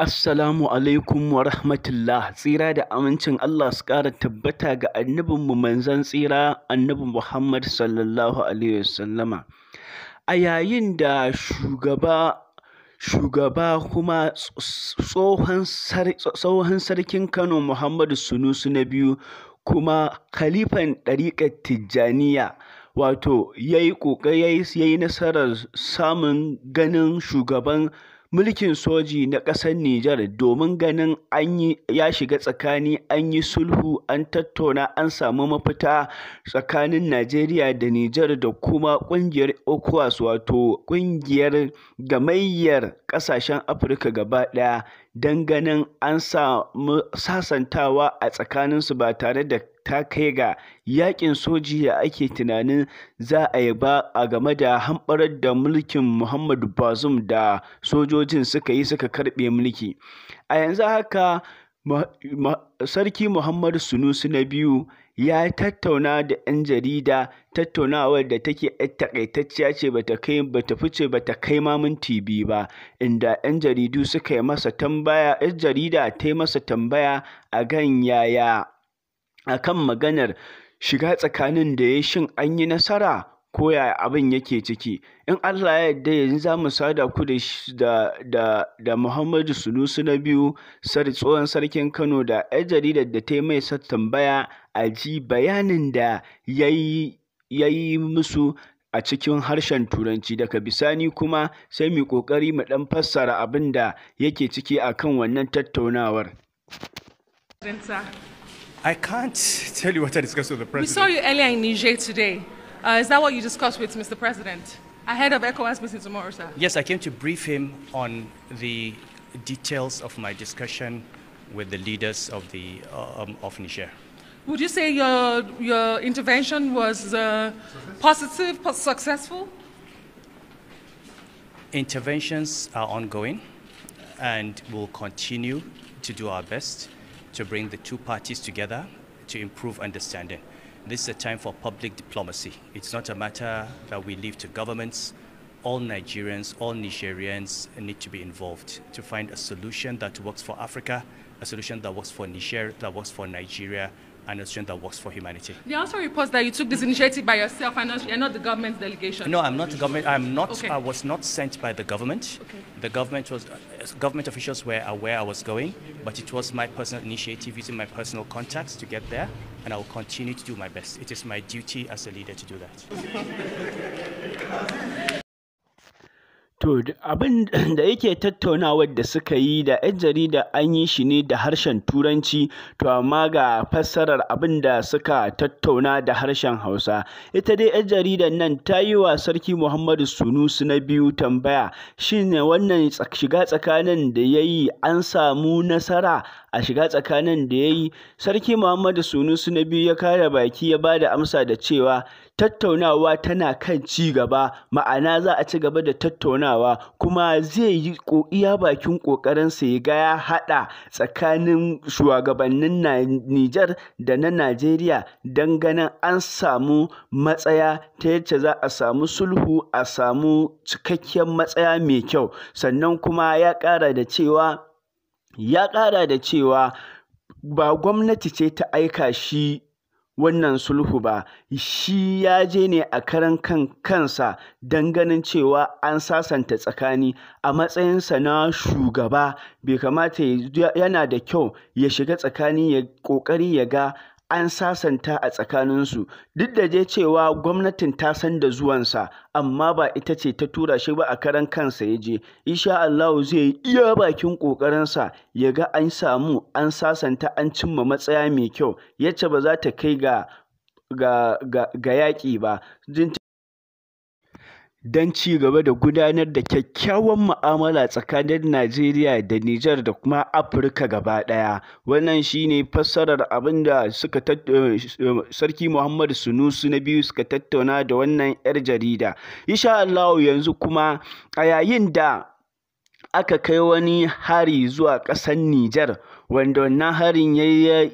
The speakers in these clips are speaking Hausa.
Assalamu alaikum wa rahmatullah tsira da amincin Allah su ƙara tabbata ga annabinmu manzan tsira annabi Muhammad sallallahu alaihi wasallama a yayin da shugaba shugaba kuma tsohon sarkin Kano Muhammadu Sunusu na biyu kuma khalifan ɗariƙar Tijjaniya wato yayi ƙoƙari yayi nasarar samun ganin shugaban mulkin soji na ƙasar Nijar domin ganin an ya shiga tsakani an yi sulhu an tattauna an samu mafita tsakanin Najeriya da Nijar da kuma ƙungiyar okwas wato ƙungiyar gamayyar ƙasashen Afirka gaba ɗaya don ganin an samu sasantawa a tsakaninsu ba tare da ta kai ga yaƙin soji da ake tunanin za a yi ba a game da hamɓarar da mulkin Muhammadu Bazoum da sojojin suka yi suka karɓe mulki. A yanzu haka Sarki Muhammadu Sunusi na biyu ya tattauna da ‘yan jarida, tattaunawar da take takaitacciya ce ba ta fice ba ta kai ma minti biyu ba, inda ‘yan jaridu suka yi masa tambaya, 'yan jarida ta yi masa tambaya a kan yaya a kan maganar shiga tsakanin da ya shin an yi nasara ko yaya abin yake ciki in Allah ya yarda yanzu za mu sada ku da da Muhammadu Sunusi na biyu sar tsohon sarkin Kano da ‘yan jaridar da ta yi mai tambaya a ji bayanin da ya yi musu a cikin harshen Turanci, daga bisani kuma sai mu ƙoƙari mu ɗan fassara abin da yake ciki a kan wannan tattaunawar. I can't tell you what I discussed with the president. We saw you earlier in Niger today. Uh, is that what you discussed with Mr. President? Ahead of ECOWAS meeting tomorrow, sir? Yes, I came to brief him on the details of my discussion with the leaders of, the, uh, um, of Niger. Would you say your, your intervention was uh, positive, successful? Interventions are ongoing and we'll continue to do our best to bring the two parties together to improve understanding. This is a time for public diplomacy. It's not a matter that we leave to governments. All Nigerians, all Nigerians need to be involved to find a solution that works for Africa, a solution that works for Niger, that works for Nigeria, and a student that works for humanity. There also reports that you took this initiative by yourself and not, are not the government's delegation. No, I'm not government. I'm not. Okay. I was not sent by the government. Okay. The government was. Uh, government officials were aware I was going, but it was my personal initiative using my personal contacts to get there, and I will continue to do my best. It is my duty as a leader to do that. To, abin da yake tattaunawar da suka yi da 'yan jarida an yi shi ne da harshen Turanci, to amma ga fassarar abin da suka tattauna da harshen Hausa. Ita dai 'yan jaridan nan ta yi wa Sarki Muhammadu Sunusu na biyu tambaya, shin wannan shiga tsakanin da ya yi an samu nasara a shiga tsakanin da ya yi? Sarki Muhammadu Sunusu na biyu ya kare baki ya ba da amsa da cewa Tattaunawa tana kan ci gaba, ma'ana za a ci gaba da tattaunawa, kuma zai yi iya bakin ƙoƙarinsa ya ga ya haɗa tsakanin shugabannin Nijar da na Najeriya don ganin an samu matsaya ta yacce za a samu sulhu a samu cikakken matsaya mai kyau, sannan kuma ya ƙara da cewa ya ƙara da cewa ba gwamnati ce ta aika shi wannan sulhu ba, shi ya je ne a karan kan kansa don ganin cewa an sasanta tsakani a matsayinsa na shugaba bai kamata yana da kyau ya shiga tsakani ya ƙoƙari ya ga an sasanta a tsakaninsu, duk da je cewa gwamnatin ta san da zuwansa, amma ba ita ce ta tura shi ba a karan kansa ya je. Insha Allahu zai yi iya bakin ƙoƙarinsa ya ga an samu an sasanta an cimma matsaya mai kyau, yacce ba za ta kai ga ga yaƙi ba. don ci gaba da gudanar da kyakkyawan mu'amala tsakanin Najeriya da Nijar da kuma Afirka gaba ɗaya. Wannan shi ne fassarar abin da suka eh, eh, Sarki Muhammadu Sunusu na biyu suka tattauna da wannan 'yar jarida. Insha Allah yanzu kuma a yayin da aka kai wani hari zuwa ƙasar Nijar wanda wannan harin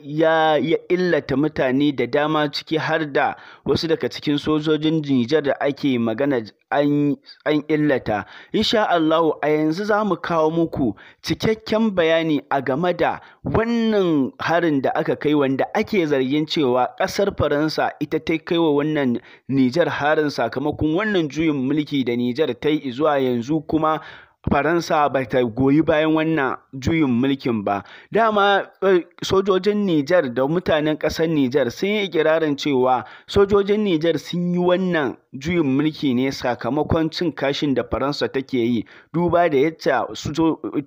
ya illata mutane da dama ciki har da wasu daga cikin sojojin Nijar da ake magana an illata. Insha Allah a yanzu za mu kawo muku cikakken bayani a game da wannan harin da aka kai wanda ake zargin cewa ƙasar Faransa ita ta kai wa wannan Nijar harin sakamakon wannan juyin mulki da Nijar ta yi zuwa yanzu kuma Faransa ba ta goyi bayan wannan juyin mulkin ba. Dama eh, sojojin Nijar da mutanen ƙasar Nijar sun yi ikirarin cewa sojojin Nijar sun yi wannan juyin mulki ne sakamakon cin kashin da Faransa take yi, duba da yadda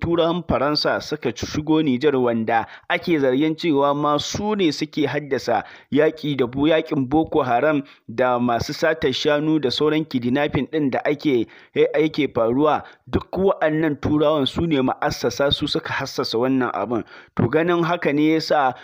turan Faransa suka shigo Nijar wanda ake zargin cewa ma su ne suke haddasa yaƙi da yaƙin Boko Haram da masu satar shanu da sauran kidnapping ɗin da ake eh, faruwa duk wa'annan turawan su ne ma'assasa su suka hassasa wannan abin to ganin haka ne yasa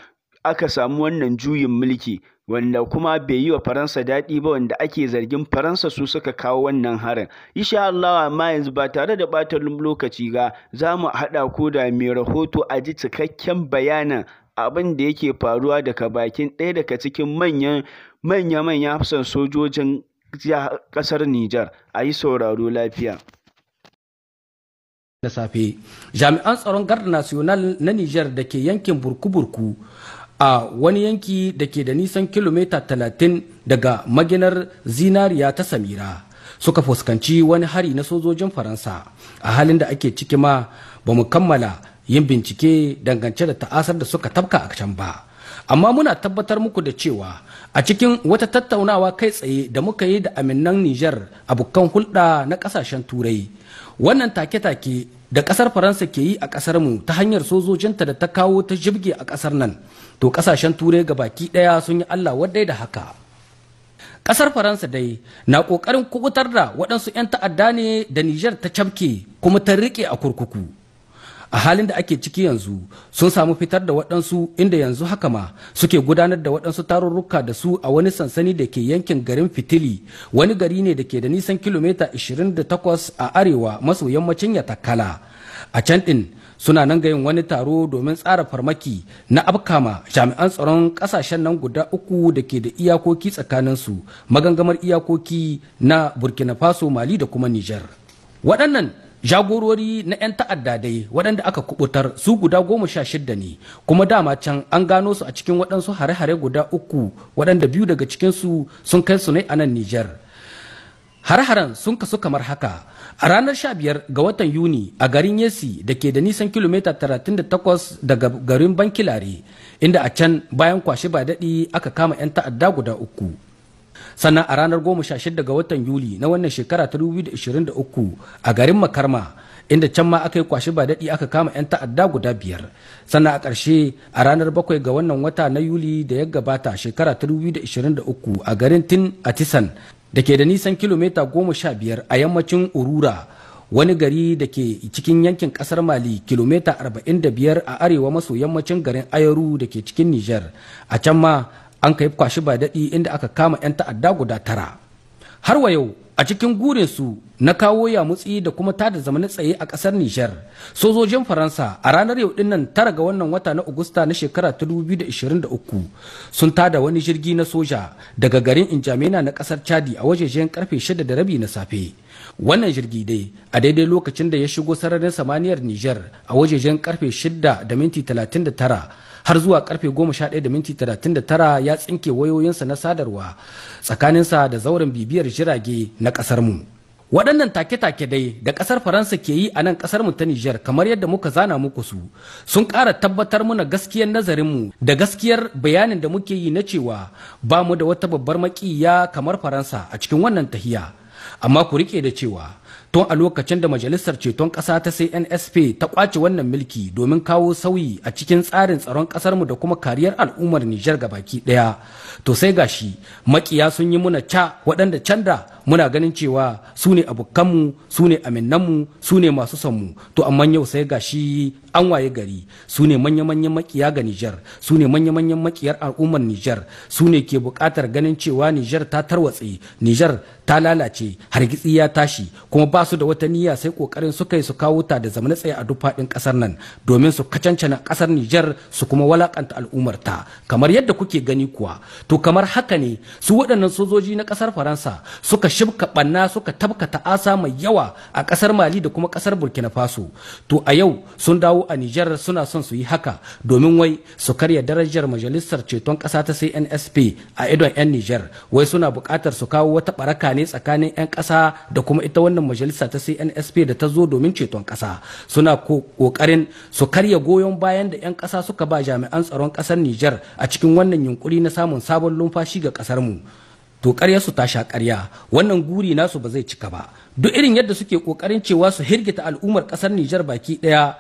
aka samu wannan juyin mulki wanda kuma bai yi wa Faransa daɗi ba wanda ake zargin Faransa su suka kawo wannan harin. Insha Allah amma yanzu ba tare da ɓata lokaci ga za mu haɗa ko da mai rahoto a ji cikakken bayanin abin da yake faruwa daga bakin ɗaya daga cikin manyan manya-manya hafsan sojojin ƙasar Nijar a yi sauraro lafiya. da safe jami'an tsaron garda national na niger da ke yankin burku-burku a wani yanki da ke da nisan kilomita 30 daga maginar zinariya ta samira suka fuskanci wani hari na sojojin faransa a halin da ake ciki ma ba mu kammala yin bincike dangance da ta'asar da suka tafka a can ba amma muna tabbatar muku da cewa a cikin wata tattaunawa kai tsaye da muka yi da aminan nijar abokan hulɗa na ƙasashen turai wannan take-take da ƙasar faransa ke yi a ƙasar mu ta hanyar sojojinta da ta kawo ta jibge a ƙasar nan to ƙasashen turai ga baki ɗaya sun yi allah wadai da haka ƙasar faransa dai na ƙoƙarin kubutar da waɗansu 'yan ta'adda ne da nijar ta camke kuma ta riƙe a kurkuku a halin da ake ciki yanzu sun samu fitar da waɗansu inda yanzu haka ma suke gudanar da waɗansu tarurruka da su a wani sansani da ke yankin garin fitili wani gari ne da ke da nisan kilomita 28 a arewa maso yammacin ya yatakala a can ɗin suna nan ga yin wani taro domin tsara farmaki na afkama jami'an tsaron kasashen nan guda uku da ke da iyakoki tsakaninsu magangamar iyakoki na burkina faso mali da kuma nijar waɗannan jagorori na 'yan ta'adda dai waɗanda aka kubutar su guda goma sha shidda ne kuma dama can an gano su a cikin waɗansu hare-hare guda uku waɗanda biyu daga cikinsu sun kai su ne a nan nijar hare-haren sun kasu kamar haka a ranar 15 ga watan yuni a garin yesi da ke da nisan kilomita 38 daga garin bankilare inda a can bayan kwashe ba daɗi aka kama 'yan ta'adda guda uku sannan a ranar 16 ga watan yuli na wannan shekara ta 2023 a garin makarma inda can ma aka yi kwashi ba daɗi aka kama 'yan ta'adda guda biyar sannan a ƙarshe a ranar 7 ga wannan wata na yuli da ya gabata shekara 2023 a garin tin atisan da ke da nisan kilomita 15 a yammacin urura wani gari da ke cikin yankin kasar mali kilomita 45 a arewa maso yammacin garin ayaru da ke cikin niger a can ma an kai kwashi ba daɗi inda aka kama 'yan ta'adda guda tara har wa yau a cikin gurin su na kawo ya yamutsi da kuma tada zamanin tsaye a ƙasar Nijar sojojin Faransa a ranar yau dinnan tara ga wannan wata na Agusta na shekara ta 2023 sun tada wani jirgi na soja daga garin Injamena na ƙasar Chadi a wajejen karfe 6 da rabi na safe wannan jirgi dai a daidai lokacin da ya shigo sararin samaniyar Nijar a wajejen karfe shida da minti tara har zuwa karfe 11:39 da minti 39 ya tsinke wayoyinsa na sadarwa tsakaninsa da zauren bibiyar jirage na kasar mu waɗannan take-take dai da ƙasar faransa ke yi a nan ƙasar mu ta nijar kamar yadda muka zana muku su sun ƙara tabbatar muna gaskiyar nazarinmu da gaskiyar bayanin da muke yi na cewa ba mu da wata babbar maƙiya kamar faransa a cikin wannan tahiya amma ku riƙe da cewa tun a lokacin da majalisar ceton ƙasa ta CNSP ta kwace wannan milki domin kawo sauyi a cikin tsarin tsaron ƙasarmu da kuma kariyar al'ummar Nijar ga baki ɗaya. To sai gashi makiya sun yi muna ca waɗanda can da muna ganin cewa su ne abokanmu su ne aminanmu su ne masu sanmu to amma yau sai gashi an waye gari su ne manya-manyan makiya ga Nijar su ne manya-manyan makiyar al'ummar Nijar su ne ke buƙatar ganin cewa Nijar ta tarwatse Nijar ta lalace hargitsi ya tashi kuma ba su da wata niyya sai kokarin suka yi su kawo ta da zamana tsaye a duk faɗin ƙasar nan domin su na ƙasar Nijar su kuma walakanta al'ummar ta kamar yadda kuke gani kuwa to kamar haka ne su waɗannan sojoji na ƙasar Faransa suka shibka banna suka tabka Asa mai yawa a ƙasar Mali da kuma ƙasar Burkina Faso to a yau sun dawo a Nijar suna son su yi haka domin wai su karya darajar majalisar ceton ƙasa ta NSP a idon 'yan Nijar wai suna buƙatar su kawo wata ɓaraka ne tsakanin 'yan ƙasa da kuma ita wannan majalisa ta CNSP da ta zo domin ceton ƙasa suna ƙoƙarin su karya goyon bayan da 'yan ƙasa suka ba jami'an tsaron ƙasar Nijar a cikin wannan yunkuri na samun sabon lumfashi ga ƙasar mu. to su ta sha karya wannan guri nasu ba zai cika ba duk irin yadda suke kokarin cewa su hirgita al'ummar kasar Nijar baki ɗaya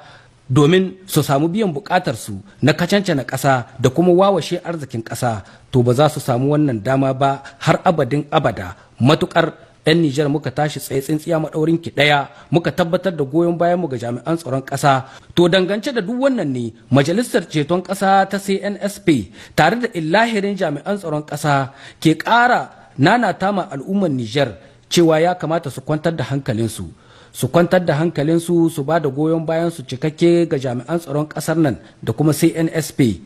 domin su samu biyan bukatar su na kacance na kasa da kuma wawashe arzikin kasa to ba za su samu wannan dama ba har abadin abada matuƙar. 'yan Nijar muka tashi tsaye tsintsiya maɗaurin ki ɗaya muka tabbatar da goyon bayan mu ga jami'an tsaron ƙasa. To dangance da duk wannan ne majalisar ceton ƙasa ta CNSP tare da illahirin jami'an tsaron ƙasa ke ƙara nanata ma al'ummar Nijar cewa ya kamata su kwantar da hankalinsu. su kwantar da hankalinsu su ba da goyon bayan su cikakke ga jami'an tsaron ƙasar nan da kuma CNSP.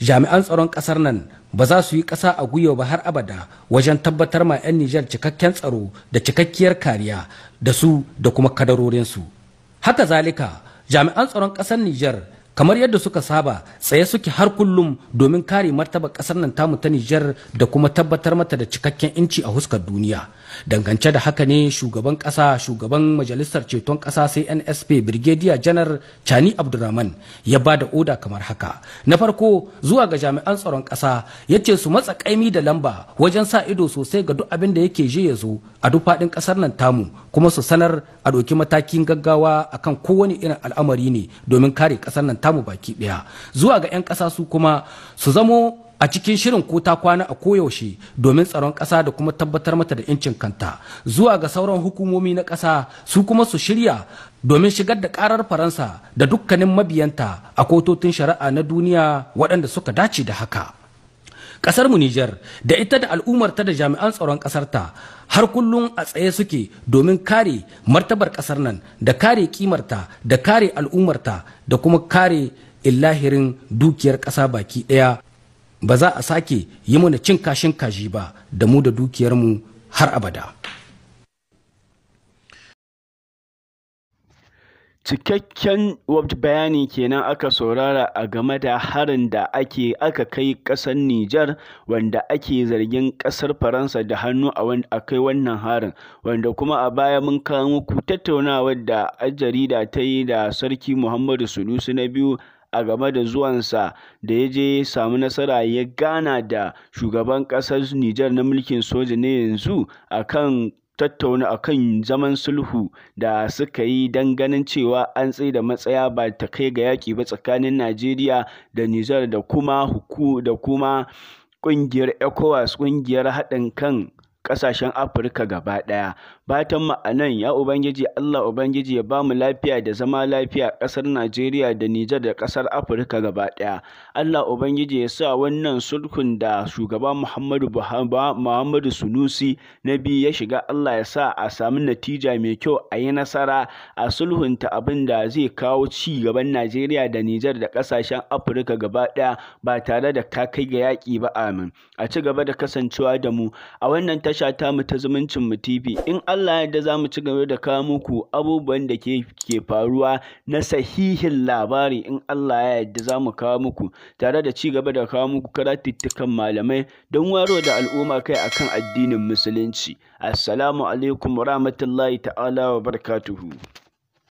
Jami'an tsaron ƙasar nan ba za su yi ƙasa a gwiwa ba har abada wajen tabbatar ma 'yan Nijar cikakken tsaro da cikakkiyar kariya da su da kuma kadarorinsu. Haka zalika jami'an tsaron ƙasar Nijar kamar yadda suka saba tsaye suke har kullum domin kare martaba kasar nan tamu ta Nijar da kuma tabbatar mata da cikakken inci a huskar duniya dangance da haka ne shugaban kasa shugaban majalisar ceton kasa sai NSP Brigadier Janar Chani Abdurrahman ya ba da oda kamar haka na farko zuwa ga jami'an tsaron kasa ya ce su matsa kaimi da lamba wajen sa ido sosai ga duk abin da yake je ya zo a duk faɗin kasar nan tamu kuma su sanar a ɗauki matakin gaggawa akan kowane irin al'amari ne domin kare kasar nan tamu baki ɗaya zuwa ga 'yan ƙasa su kuma su zamo a cikin shirin ko ta kwana a koyaushe domin tsaron ƙasa da kuma tabbatar mata da incin kanta zuwa ga sauran hukumomi na ƙasa su kuma su shirya domin shigar da ƙarar faransa da dukkanin mabiyanta a kototun shari'a na duniya waɗanda suka dace da haka ƙasar mu nijar da ita da al'ummarta da jami'an tsaron ƙasarta har kullum a tsaye suke domin kare martabar kasar nan da kare kimarta da kare al'ummarta da kuma kare illahirin dukiyar ƙasa baki ɗaya ba za a sake yi mana cin kashin kashi ba da mu da dukiyarmu har abada. Cikakken bayani kenan aka saurara a game da harin da aka kai ƙasar Nijar wanda ake zargin ƙasar Faransa da hannu a kai wannan harin, wanda kuma a baya mun kawo muku tattaunawar da jarida ta yi da Sarki Muhammadu Sunusi na biyu a game da zuwansa da ya je samu nasara ya gana da shugaban ƙasar Nijar na mulkin soja na yanzu a kan tattauna a kan zaman sulhu da suka yi don ganin cewa an da matsaya ba ta kai ga yaƙi ba tsakanin Najeriya da Nijar da kuma ƙungiyar ECOWAS, ƙungiyar haɗin kan ƙasashen Afirka gaba ɗaya. Fatan mu a nan, ya Ubangiji Allah Ubangiji ya ba mu lafiya da zama lafiya ƙasar Najeriya da Nijar da ƙasar Afirka gaba ɗaya. Allah Ubangiji ya sa wannan sulhun da shugaba Muhammadu Muhammadu Sunusi na biyu ya shiga Allah ya sa a samu natija mai kyau a yi nasara a sulhunta abin da zai kawo ci gaban Najeriya da Nijar da ƙasashen Afirka gaba ɗaya ba tare da ta ga yaƙi ba amin. A ci gaba da kasancewa da mu a wannan tashar tasha tamu ta zumuncin mu TV in Allah ya yarda za mu ci gaba da kawo muku abubuwan da ke ke faruwa na sahihin labari in Allah ya yarda za mu kawo muku tare da ci gaba da kawo muku karatuttukan malamai don waro da al'umma kai akan addinin musulunci assalamu alaikum warahmatullahi ta'ala wa barakatuhu